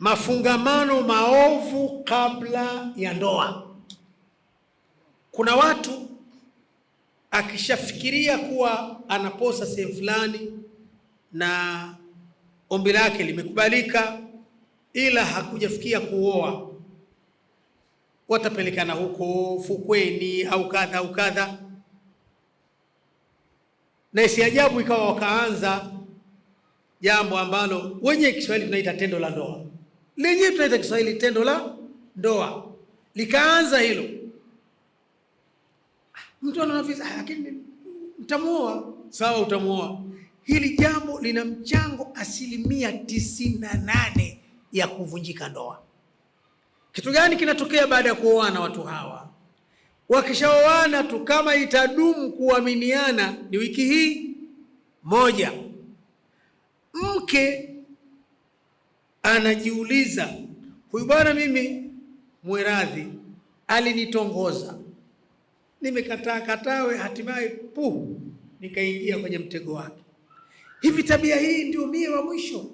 mafungamano maovu kabla ya ndoa. Kuna watu akishafikiria kuwa anaposa sehemu fulani na ombi lake limekubalika, ila hakujafikia kuoa, watapelekana huko fukweni au kadha au kadha, na si ajabu ikawa wakaanza jambo ambalo wenye Kiswahili tunaita tendo la ndoa lenyewe tunaita Kiswahili tendo la ndoa, likaanza hilo. Ah, mtu visa, ah, lakini nitamuoa. Sawa, utamuoa. Hili jambo lina mchango asilimia tisini na nane ya kuvunjika ndoa. Kitu gani kinatokea baada ya kuoana? Watu hawa wakishaoana tu, kama itadumu kuaminiana, ni wiki hii moja, mke anajiuliza huyu bwana, mimi mweradhi alinitongoza, nimekataa katawe, hatimaye pu nikaingia kwenye mtego wake. Hivi tabia hii ndio mie wa mwisho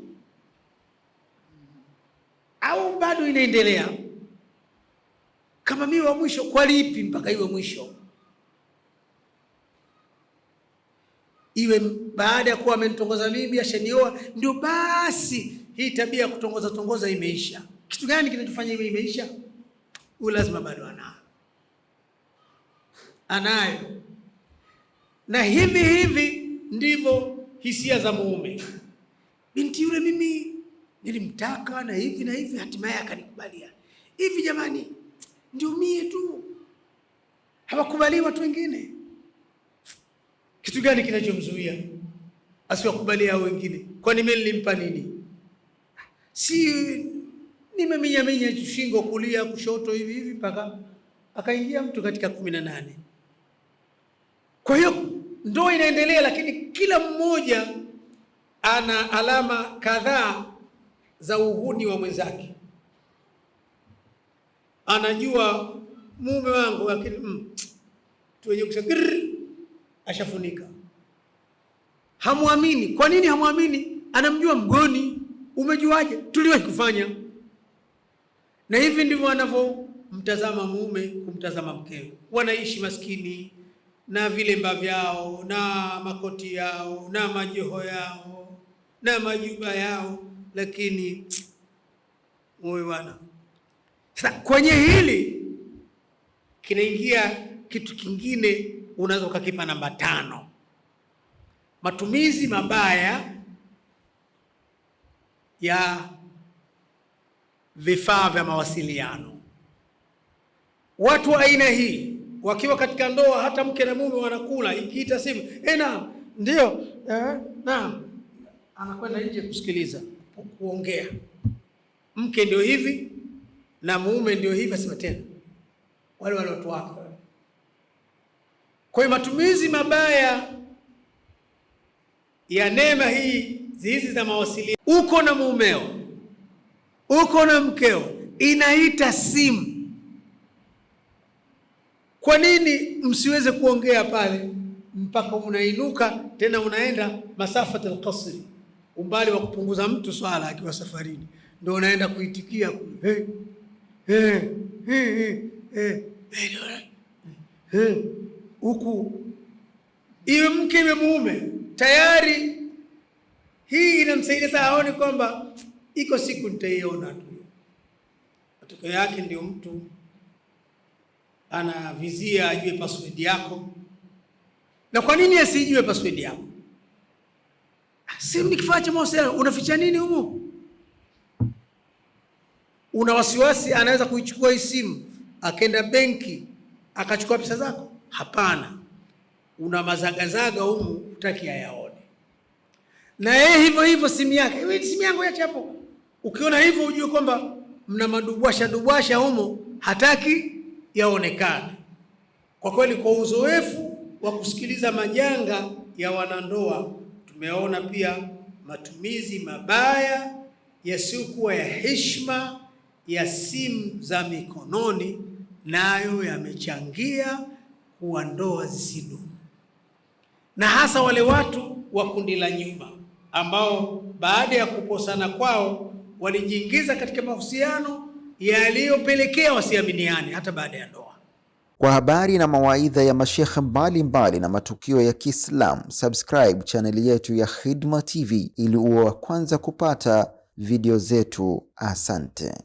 au bado inaendelea? Kama mie wa mwisho, kwa lipi mpaka iwe mwisho? Iwe baada ya kuwa amenitongoza mimi ashanioa, ndio basi hii tabia ya kutongoza tongoza imeisha. Kitu gani kinachofanya iwe imeisha? Huyu lazima bado anayo anayo, na hivi hivi ndivyo hisia za muume. Binti yule mimi nilimtaka na hivi na hivi, hatimaye akanikubalia hivi. Jamani, ndio mie tu, hawakubali watu wengine. Kitu gani kinachomzuia asiwakubalia hao wengine? Kwani mimi nilimpa nini? si nimeminyaminya shingo kulia kushoto hivi hivi mpaka akaingia mtu katika kumi na nane. Kwa hiyo ndoa inaendelea, lakini kila mmoja ana alama kadhaa za uhuni wa mwenzake. Anajua mume wangu, lakini mm, tu kusagir ashafunika, hamwamini. Kwa nini hamwamini? Anamjua mgoni Umejuaje? Tuliwahi kufanya. Na hivi ndivyo wanavyomtazama mume kumtazama mkewe, wanaishi maskini na vilemba vyao na makoti yao na majoho yao na majuba yao, lakini moyo wana. Sasa kwenye hili kinaingia kitu kingine, unaweza ukakipa namba tano, matumizi mabaya ya vifaa vya mawasiliano. Watu wa aina hii wakiwa katika ndoa, hata mke na mume wanakula, ikiita simu e, ndio eh, naam, anakwenda nje kusikiliza, kuongea. Mke ndio hivi na mume ndio hivi, asema tena wale wale watu wako. Kwa hiyo matumizi mabaya ya neema hii hizi za mawasiliano. Uko na mumeo, uko na mkeo, inaita simu. Kwa nini msiweze kuongea pale mpaka unainuka tena unaenda masafat qasri, umbali wa kupunguza mtu swala akiwa safarini, ndio unaenda kuitikia hey, hey, hey, hey, hey, huku iwe mke iwe mume tayari hii inamsaidia sana aone kwamba iko siku nitaiona tu. Matokeo yake ndio mtu anavizia ajue password yako. Na kwa nini asijue password yako? Ah, simu ni kifaa cha mawasiliano, unaficha nini humo? Una wasiwasi anaweza kuichukua hii simu akaenda benki akachukua pesa zako? Hapana, una mazagazaga humu, utaki ayaone na yeye hivyo hivyo simu yake, hiyo simu yangu ya hapo. Ukiona hivyo ujue kwamba mna madubwasha dubwasha humo, hataki yaonekane. Kwa kweli, kwa uzoefu wa kusikiliza majanga ya wanandoa, tumeona pia matumizi mabaya yasiyokuwa ya heshima ya simu za mikononi, nayo yamechangia kuwa ndoa zisidumu, na hasa wale watu wa kundi la nyuma ambao baada ya kukosana kwao walijiingiza katika mahusiano yaliyopelekea wasiaminiane hata baada ya ndoa. Kwa habari na mawaidha ya mashekhe mbalimbali na matukio ya Kiislamu, subscribe chaneli yetu ya Khidma TV ili uwe wa kwanza kupata video zetu. Asante.